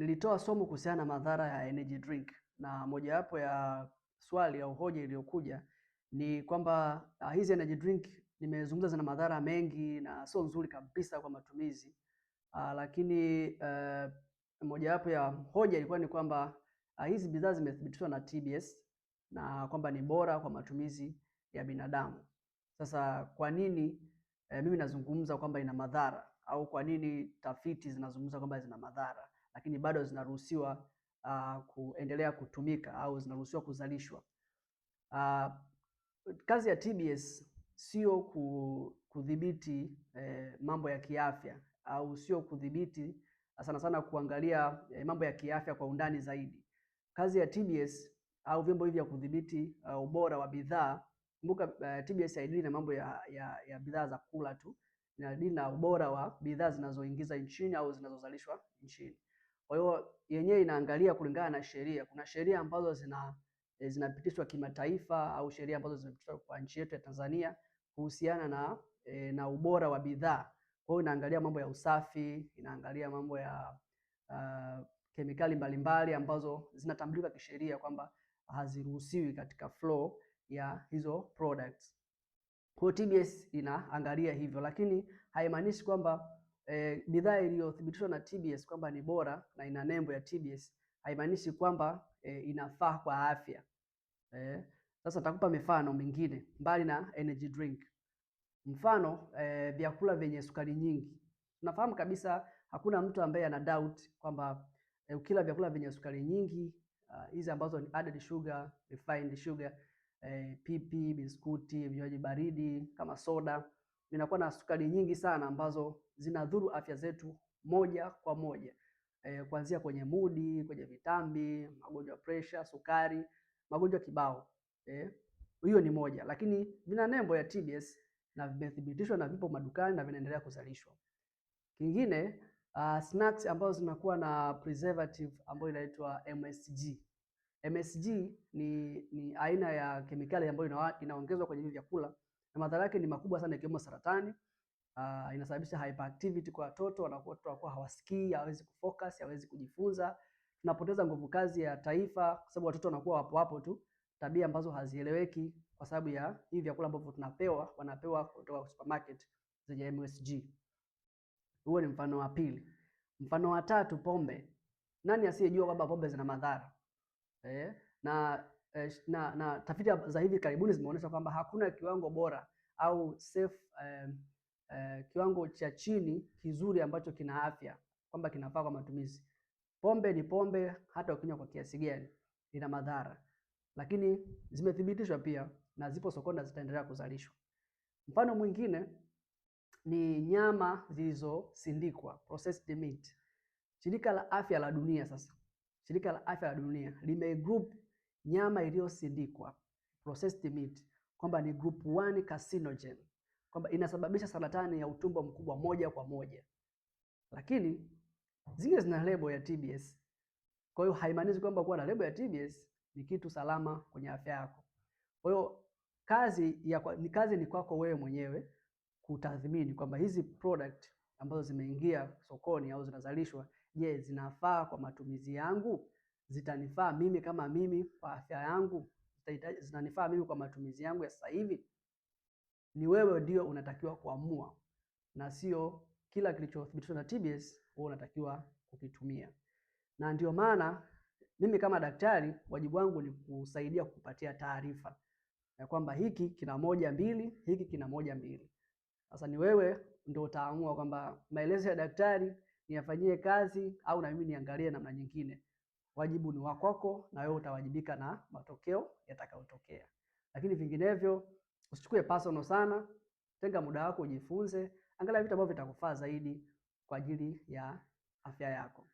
nilitoa somo kuhusiana na madhara ya energy drink, na mojawapo ya swali au hoja iliyokuja ni kwamba uh, hizi energy drink nimezungumza zina madhara mengi na sio nzuri kabisa kwa matumizi uh, lakini uh, eh, mojawapo ya hoja ilikuwa ni kwamba uh, hizi bidhaa zimethibitishwa na TBS na kwamba ni bora kwa matumizi ya binadamu. Sasa kwa nini eh, mimi nazungumza kwamba ina madhara au kwa nini tafiti zinazungumza kwamba zina madhara? lakini bado zinaruhusiwa uh, kuendelea kutumika au zinaruhusiwa kuzalishwa. Uh, kazi ya TBS sio kudhibiti eh, mambo ya kiafya au sio kudhibiti ah, sana sana kuangalia eh, mambo ya kiafya kwa undani zaidi. Kazi ya TBS au vyombo hivi vya kudhibiti uh, ubora wa bidhaa. Kumbuka uh, eh, TBS haidili na mambo ya, ya, ya bidhaa za kula tu, inadili na ubora wa bidhaa zinazoingiza nchini au zinazozalishwa nchini. Kwa hiyo yenyewe inaangalia kulingana na sheria. Kuna sheria ambazo zina eh, zinapitishwa kimataifa au sheria ambazo zimepitishwa kwa nchi yetu ya Tanzania kuhusiana na e, na ubora wa bidhaa. Kwa hiyo inaangalia mambo ya usafi, inaangalia mambo ya uh, kemikali mbalimbali ambazo zinatambulika kisheria kwamba haziruhusiwi katika flow ya hizo products. Kwa hiyo TBS inaangalia hivyo, lakini haimaanishi kwamba e, bidhaa iliyothibitishwa na TBS kwamba ni bora na ina nembo ya TBS haimaanishi kwamba e, inafaa kwa afya. E, sasa nitakupa mifano mingine mbali na energy drink. Mfano e, vyakula vyenye sukari nyingi. Tunafahamu kabisa hakuna mtu ambaye ana doubt kwamba e, ukila vyakula vyenye sukari nyingi ah, hizi uh, ambazo ni added sugar, refined sugar, eh, pipi, biskuti, vinywaji baridi kama soda vinakuwa na sukari nyingi sana ambazo zinadhuru afya zetu moja kwa moja e, kuanzia kwenye mudi, kwenye vitambi, magonjwa pressure, sukari, magonjwa kibao eh, hiyo ni moja, lakini vina nembo ya TBS na vimethibitishwa na vipo madukani na vinaendelea kuzalishwa. Kingine uh, snacks ambazo zinakuwa na preservative ambayo inaitwa MSG. MSG ni, ni aina ya kemikali ambayo inaongezwa kwenye hivi vyakula na madhara yake ni makubwa sana, ikiwemo saratani. Uh, inasababisha hyperactivity kwa watoto, wanakuwa watoto wanakuwa hawasikii, hawezi kufocus, hawezi kujifunza. Tunapoteza nguvu kazi ya taifa kwa sababu watoto wanakuwa wapo hapo tu, tabia ambazo hazieleweki kwa sababu ya hivi vyakula ambavyo tunapewa, wanapewa kutoka supermarket zenye MSG. Huo ni mfano wa pili. Mfano wa tatu, pombe. Nani asiyejua kwamba pombe zina madhara eh? na Eh, na, na tafiti za hivi karibuni zimeonyesha kwamba hakuna kiwango bora au safe, eh, eh, kiwango cha chini kizuri ambacho kina afya kwamba kinafaa kwa matumizi. Pombe ni pombe, hata ukinywa kwa kiasi gani ina madhara, lakini zimethibitishwa pia na zipo sokoni na zitaendelea kuzalishwa. Mfano mwingine ni nyama zilizosindikwa, processed meat. Shirika la Afya la Dunia sasa, Shirika la Afya la Dunia limegroup nyama iliyosindikwa processed meat, kwamba ni group 1 carcinogen, kwamba inasababisha saratani ya utumbo mkubwa moja kwa moja, lakini zingine zina lebo ya TBS. Kwa hiyo haimaanishi kwamba kuwa na lebo ya TBS ni kitu salama kwenye afya yako. Kwa hiyo kazi ya kwa, ni kazi ni kwako wewe mwenyewe kutathmini kwamba hizi product ambazo zimeingia sokoni au zinazalishwa, je, zinafaa kwa matumizi yangu? zitanifaa mimi kama mimi kwa afya yangu? zitanifaa mimi kwa matumizi yangu ya sasa hivi? Ni wewe ndio unatakiwa kuamua na sio kila kilichothibitishwa na TBS wewe unatakiwa kukitumia. Na ndio maana mimi kama daktari wajibu wangu ni kusaidia kukupatia taarifa ya kwamba hiki kina moja mbili, hiki kina moja mbili. Sasa ni wewe ndio utaamua kwamba maelezo ya daktari niyafanyie kazi au na mimi niangalie namna nyingine wajibu ni wakoko na wewe utawajibika na matokeo yatakayotokea. Lakini vinginevyo usichukue personal sana, tenga muda wako ujifunze, angalia vitu ambavyo vitakufaa zaidi kwa ajili ya afya yako.